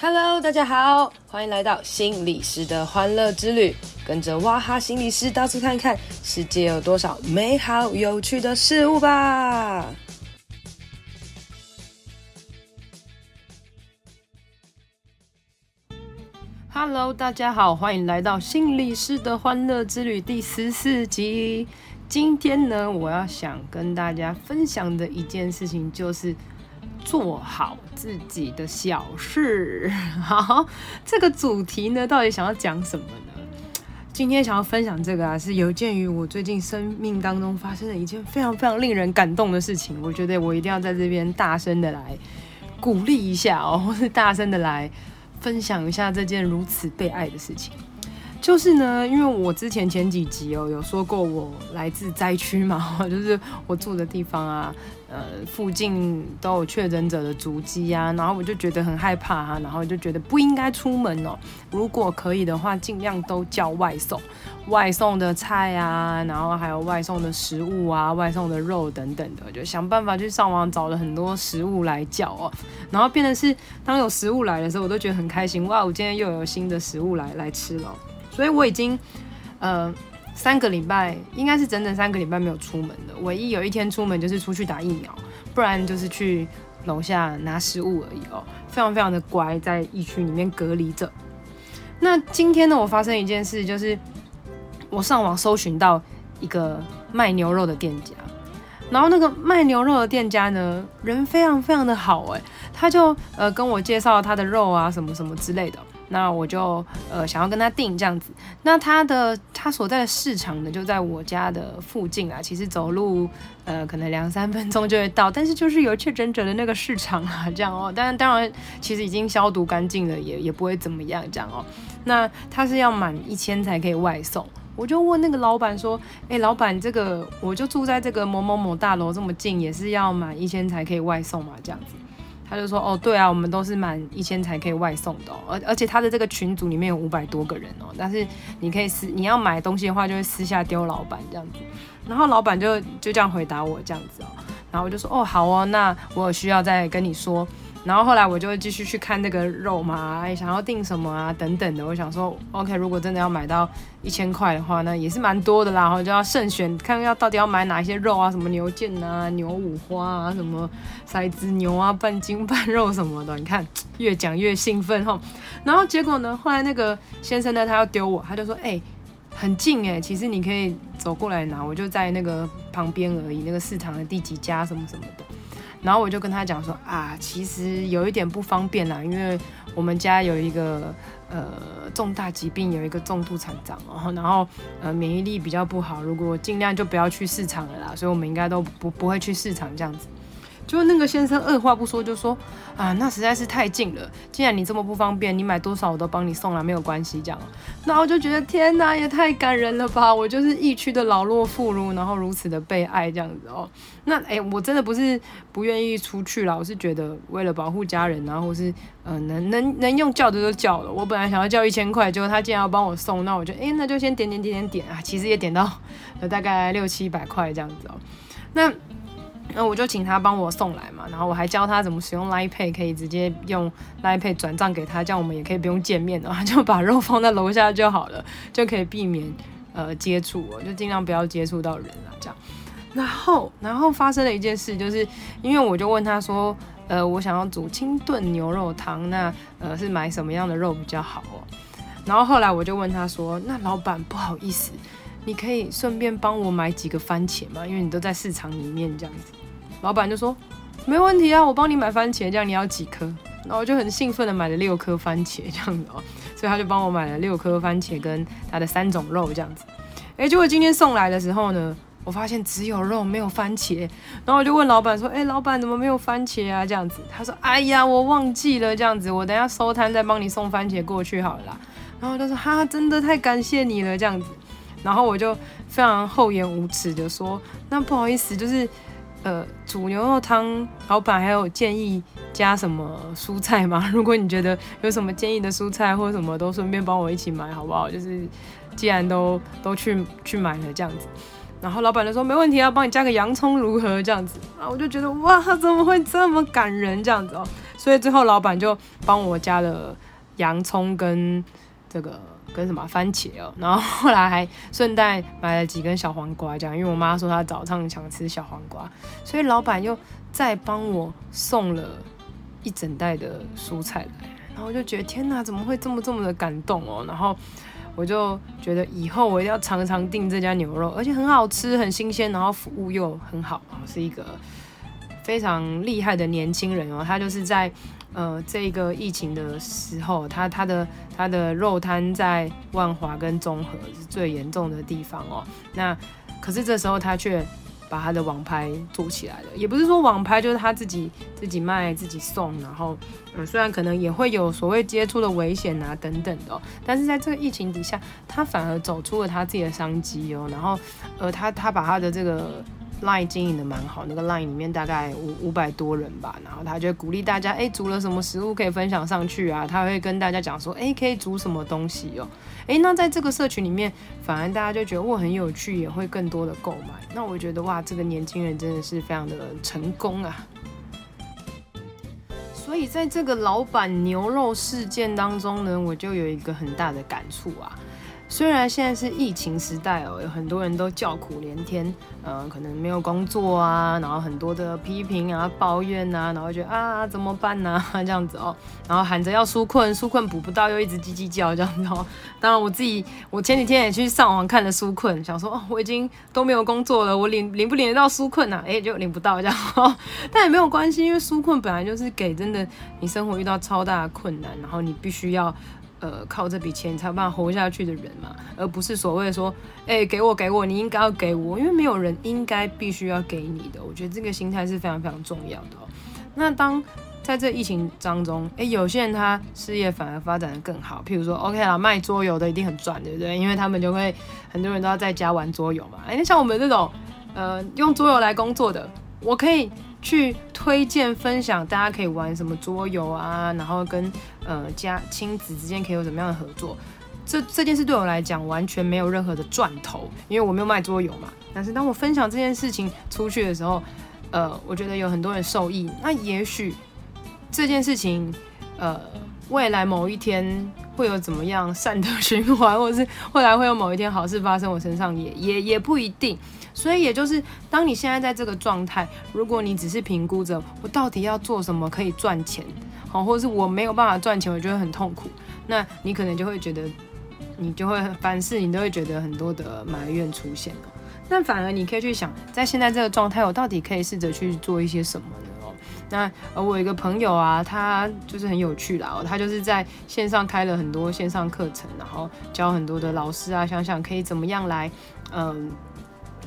Hello，大家好，歡迎來到心理師的歡樂之旅，跟着哇哈心理師到處看看，世界有多少美好有趣的事物吧。Hello，大家好，歡迎來到心理師的歡樂之旅第十四集。今天呢，我要想跟大家分享的一件事情就是。做好自己的小事，好，這個主題呢，到底想要講什麼呢？今天想要分享這個啊，是有鑑於我最近生命當中發生的一件非常非常令人感動的事情，我覺得我一定要在這邊大聲的來鼓勵一下哦，或是大聲的來分享一下這件如此被愛的事情。就是呢，因為我之前前幾集哦，有說過我來自災區嘛，就是我住的地方啊，呃附近都有確診者的足迹啊，然後我就覺得很害怕哈，然後就覺得不應該出門哦，如果可以的話，盡量都叫外送，外送的菜啊，然後還有外送的食物啊，外送的肉等等的，就想辦法去上網找了很多食物來叫哦，然後變成是當有食物來的時候，我都覺得很開心，哇，我今天又有新的食物來來吃了。所以我已經，呃，三個禮拜應該是整整三個禮拜沒有出門了。唯一有一天出門就是出去打疫苗，不然就是去樓下拿食物而已哦。非常非常的乖，在疫區裡面隔離着。那今天呢，我發生一件事，就是我上網搜尋到一個賣牛肉的店家，然後那個賣牛肉的店家呢，人非常非常的好誒，他就呃跟我介紹他的肉啊，什麼什麼之類的。那我就呃想要跟他訂，這樣子。那他的他所在的市場呢，就在我家的附近啊，其實走路呃可能兩三分鐘就會到，但是就是有確診者的那個市場啊，這樣哦。但當然其實已經消毒乾淨了，也也不會怎麼樣，這樣哦。那他是要滿一千才可以外送，我就問那個老板說，哎，老板，這個我就住在這個某某某大樓這麼近，也是要滿一千才可以外送嘛？這樣子。他就說：“哦，對啊，我們都是滿一千才可以外送的哦，而而且他的這個群組裡面有五百多個人哦，但是你可以私，你要買東西的話就會私下丟老闆這樣子，然後老闆就就這樣回答我這樣子哦，然後我就說：哦，好哦，那我有需要再跟你說。”然後後來我就會繼續去看那個肉嘛，想要訂什麼啊等等的。我想說，OK，如果真的要買到一千塊的話，那也是蠻多的啦。然後就要慎選，看一下到底要買哪一些肉啊，什麼牛腱啊、牛五花啊，什麼塞子牛啊、半筋半肉什麼的。你看，越講越興奮哈。然後結果呢，後來那個先生呢，他要丟我，他就說，哎、欸，很近哎，其實你可以走過來拿，我就在那個旁邊而已，那個市場的第幾家什麼什麼的。然後我就跟他講說啊，其實有一點不方便啦，因為我們家有一個呃重大疾病，有一個重度殘障哦，然後呃免疫力比較不好，如果盡量就不要去市場了啦，所以我們應該都不不會去市場這樣子。就那個先生二話不說就說啊，那實在是太近了。既然你這麼不方便，你買多少我都幫你送來，沒有關係這樣。那我就覺得天哪，也太感人了吧！我就是疫區的老弱婦孺，然後如此的被愛這樣子哦、喔。那哎、欸，我真的不是不願意出去了，我是覺得為了保護家人啊，或是嗯、呃、能能能用叫的就叫了。我本來想要叫一千塊，結果他竟然要幫我送，那我就哎、欸、那就先點點點點點啊，其實也點到大概六七百塊這樣子哦、喔。那。那我就請他幫我送來嘛，然後我還教他怎麼使用 Line Pay，可以直接用 Line Pay 轉賬給他，這樣我們也可以不用見面他、喔、就把肉放在樓下就好了，就可以避免呃接觸哦、喔，就盡量不要接觸到人啊，這樣。然後，然後發生了一件事，就是因為我就問他說，呃，我想要煮清燉牛肉湯，那呃是買什麼樣的肉比較好哦、喔？然後後來我就問他說，那老闆不好意思，你可以順便幫我買幾個番茄嗎？因為你都在市場裡面這樣子。老闆就說：“沒問題啊，我幫你買番茄，這樣你要幾顆？”然後我就很興奮的買了六顆番茄，這樣子哦，所以他就幫我買了六顆番茄跟他的三種肉，這樣子。哎、欸，結果今天送來的時候呢，我發現只有肉沒有番茄，然後我就問老闆說：“哎、欸，老闆怎麼沒有番茄啊？”這樣子，他說：“哎呀，我忘記了這樣子，我等下收攤再幫你送番茄過去好了。”然後他說：“哈，真的太感謝你了這樣子。”然後我就非常厚顏無恥的說：“那不好意思，就是。”呃，煮牛肉湯，老板還有建議加什麼蔬菜嗎？如果你覺得有什麼建議的蔬菜或者什麼，都順便幫我一起買好不好？就是既然都都去去買了這樣子，然後老板就說，沒問題啊，要幫你加個洋蔥如何這樣子啊？我就覺得哇，怎麼會這麼感人這樣子哦？所以最後老板就幫我加了洋蔥跟這個。跟什麼番茄喔，然後後來還順帶買了幾根小黃瓜，這樣，因為我媽說她早上想吃小黃瓜，所以老闆又再幫我送了一整袋的蔬菜來，然後我就覺得天吶，怎麼會這麼這麼的感動喔，然後我就覺得以後我一定要常常訂這家牛肉，而且很好吃，很新鮮，然後服務又很好，是一個。非常厲害的年輕人哦，他就是在呃這個疫情的時候，他他的他的肉攤在萬華跟中和是最嚴重的地方哦。那可是這時候他卻把他的網拍做起來了，也不是說網拍，就是他自己自己賣自己送，然後嗯、呃、雖然可能也會有所謂接觸的危險吶、啊、等等的、哦，但是在這個疫情底下，他反而走出了他自己的商機哦。然後呃他他把他的這個。Line 經營的蠻好，那個 line 裡面大概五五百多人吧，然後他就鼓勵大家，哎，煮了什麼食物可以分享上去啊？他會跟大家講說，哎，可以煮什麼東西哦？哎，那在這個社群裡面，反而大家就覺得我很有趣，也會更多的購買。那我覺得哇，這個年輕人真的是非常的成功啊！所以在這個老闆牛肉事件當中呢，我就有一個很大的感觸啊。雖然現在是疫情時代哦、喔，有很多人都叫苦連天，嗯、呃，可能沒有工作啊，然後很多的批評啊、抱怨啊，然後覺得啊，怎麼辦呢、啊？這樣子哦、喔，然後喊着要紓困，紓困補不到，又一直嘰嘰叫這樣子哦、喔。當然我自己，我前幾天也去上網看了紓困，想說哦，我已經都沒有工作了，我領領不領得到紓困啊？哎、欸，就領不到這樣子、喔。但也沒有關係，因為紓困本來就是給真的你生活遇到超大的困難，然後你必須要。呃，靠這筆錢才有辦法活下去的人嘛，而不是所謂說，哎、欸，給我給我，你應該要給我，因為沒有人應該必須要給你的。我覺得這個心態是非常非常重要的哦、喔。那當在這疫情當中，哎、欸，有些人他事業反而發展得更好，譬如說，OK 啦，賣桌遊的一定很賺，對不對？因為他們就會很多人都要在家玩桌遊嘛。哎、欸，像我們這種，呃，用桌遊來工作的，我可以。去推薦分享，大家可以玩什麼桌遊啊，然後跟呃家親子之間可以有怎麼樣的合作？這這件事對我來講完全沒有任何的賺頭，因為我沒有賣桌遊嘛。但是當我分享這件事情出去的時候，呃，我覺得有很多人受益。那也許這件事情，呃，未來某一天會有怎麼樣善的循環，或是未來會有某一天好事發生我身上，也也也不一定。所以也就是，當你現在在這個狀態，如果你只是評估着我到底要做什麼可以賺錢，好，或者是我沒有辦法賺錢，我覺得很痛苦，那你可能就會覺得，你就會凡事你都會覺得很多的埋怨出現了。那反而你可以去想，在現在這個狀態，我到底可以試着去做一些什麼呢？哦，那而我一個朋友啊，他就是很有趣啦，他就是在線上開了很多線上課程，然後教很多的老師啊，想想可以怎麼樣來，嗯。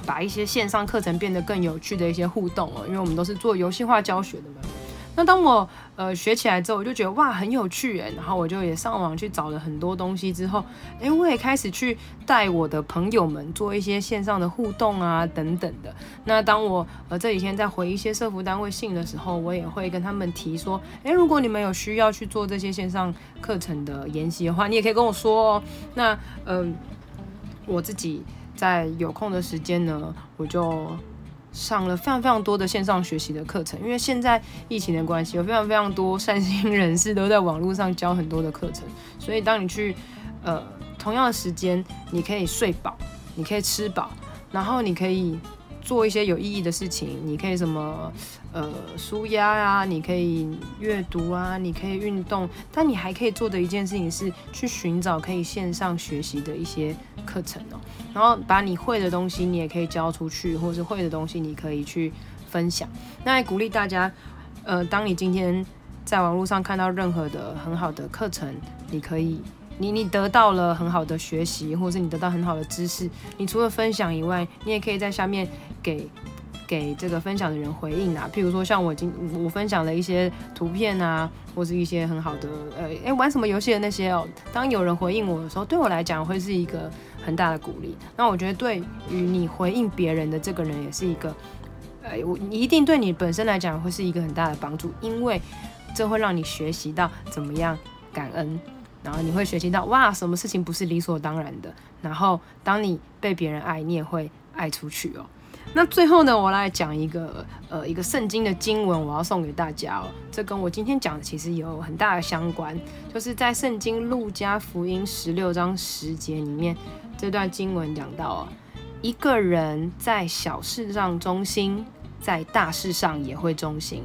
把一些線上課程變得更有趣的一些互動哦，因為我們都是做遊戲化教學的嘛。那當我呃學起來之後，我就覺得哇，很有趣欸，然後我就也上網去找了很多東西之後，欸、我也開始去帶我的朋友們做一些線上的互動啊等等的。那當我呃這幾天在回一些社福單位信的時候，我也會跟他們提說，欸、如果你們有需要去做這些線上課程的研習的話，你也可以跟我說哦。那嗯、呃、我自己。在有空的時間呢，我就上了非常非常多的線上學習的課程。因為現在疫情的關係，有非常非常多善心人士都在網絡上教很多的課程。所以當你去，呃，同樣的時間，你可以睡飽，你可以吃飽，然後你可以做一些有意義的事情。你可以什麼，呃，紓壓啊，你可以閱讀啊，你可以運動。但你還可以做的一件事情是去尋找可以線上學習的一些。課程哦，然後把你會的東西，你也可以教出去，或是會的東西，你可以去分享。那鼓勵大家，呃，當你今天在網絡上看到任何的很好的課程，你可以，你你得到了很好的學習，或是你得到很好的知識，你除了分享以外，你也可以在下面給給這個分享的人回應啊。譬如說，像我今我分享了一些圖片啊，或是一些很好的，呃，哎，玩什麼遊戲的那些哦。當有人回應我的時候，對我來講會是一個。很大的鼓勵，那我覺得對於你回應別人的這個人也是一個，呃，我一定對你本身來講會是一個很大的幫助，因為這會讓你學習到怎麼樣感恩，然後你會學習到哇，什麼事情不是理所當然的，然後當你被別人愛，你也會愛出去哦。那最後呢，我來講一個呃一個聖經的經文，我要送給大家哦。這跟我今天講的其實有很大的相關，就是在聖經路加福音十六章十節裡面，這段經文講到哦，一個人在小事上忠心，在大事上也會忠心；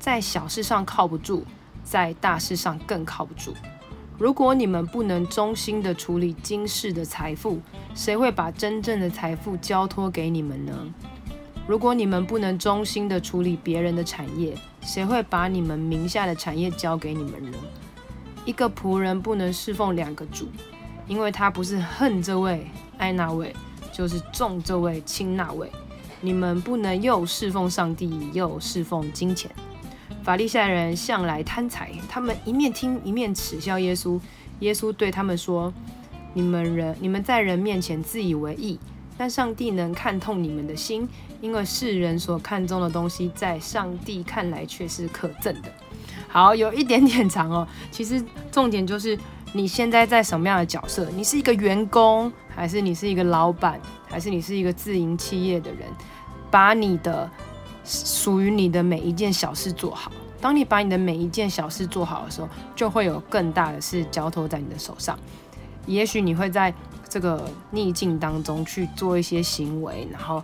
在小事上靠不住，在大事上更靠不住。如果你們不能忠心地處理今世的財富，誰會把真正的財富交託給你們呢？如果你們不能忠心地處理別人的產業，誰會把你們名下的產業交給你們呢？一個僕人不能侍奉兩個主，因為他不是恨這位、愛那位，就是重這位，輕那位。你們不能又侍奉上帝，又侍奉金錢。法利賽人向來貪財，他們一面聽一面恥笑耶穌。耶穌對他們說：“你們人，你們在人面前自以為義，但上帝能看透你們的心，因為世人所看重的東西，在上帝看來卻是可憎的。”好，有一點點長哦。其實重點就是你現在在什麼樣的角色？你是一個員工，還是你是一個老闆，還是你是一個自營企業的人？把你的。屬於你的每一件小事做好，當你把你的每一件小事做好的時候，就會有更大的事交托在你的手上。也許你會在這個逆境當中去做一些行為，然後，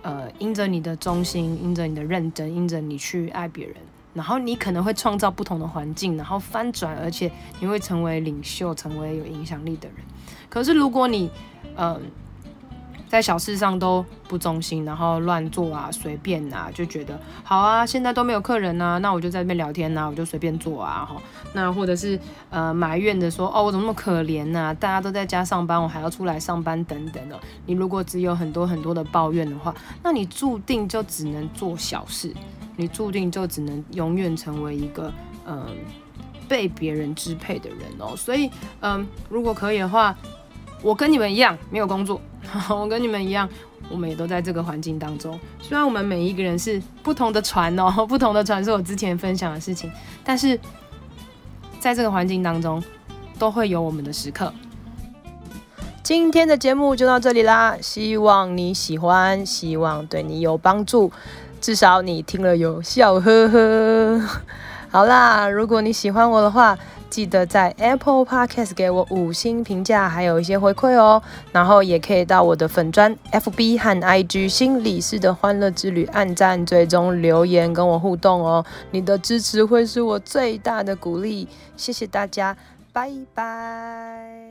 呃，因着你的忠心，因着你的認真，因着你去愛別人，然後你可能會創造不同的環境，然後翻轉，而且你會成為領袖，成為有影響力的人。可是如果你，嗯、呃。在小事上都不忠心，然後亂做啊，隨便啊，就覺得好啊。現在都沒有客人啊，那我就在那邊聊天啊，我就隨便做啊，哈。那或者是呃埋怨的說，哦，我怎麼那麼可憐呢，啊？大家都在家上班，我還要出來上班等等的。你如果只有很多很多的抱怨的話，那你注定就只能做小事，你注定就只能永遠成為一個嗯、呃、被別人支配的人哦。所以嗯、呃，如果可以的話，我跟你們一樣沒有工作。我跟你們一樣，我們也都在這個環境當中。雖然我們每一個人是不同的船哦，不同的船，是我之前分享的事情，但是在這個環境當中，都會有我們的時刻。今天的節目就到這裡啦，希望你喜歡，希望對你有幫助，至少你聽了有笑呵呵。好啦，如果你喜歡我的話，記得在 Apple Podcast 給我五星評價，還有一些回饋哦。然後也可以到我的粉專 FB 和 IG 心理師的歡樂之旅按贊、追蹤、留言跟我互動哦。你的支持會是我最大的鼓勵，謝謝大家，拜拜。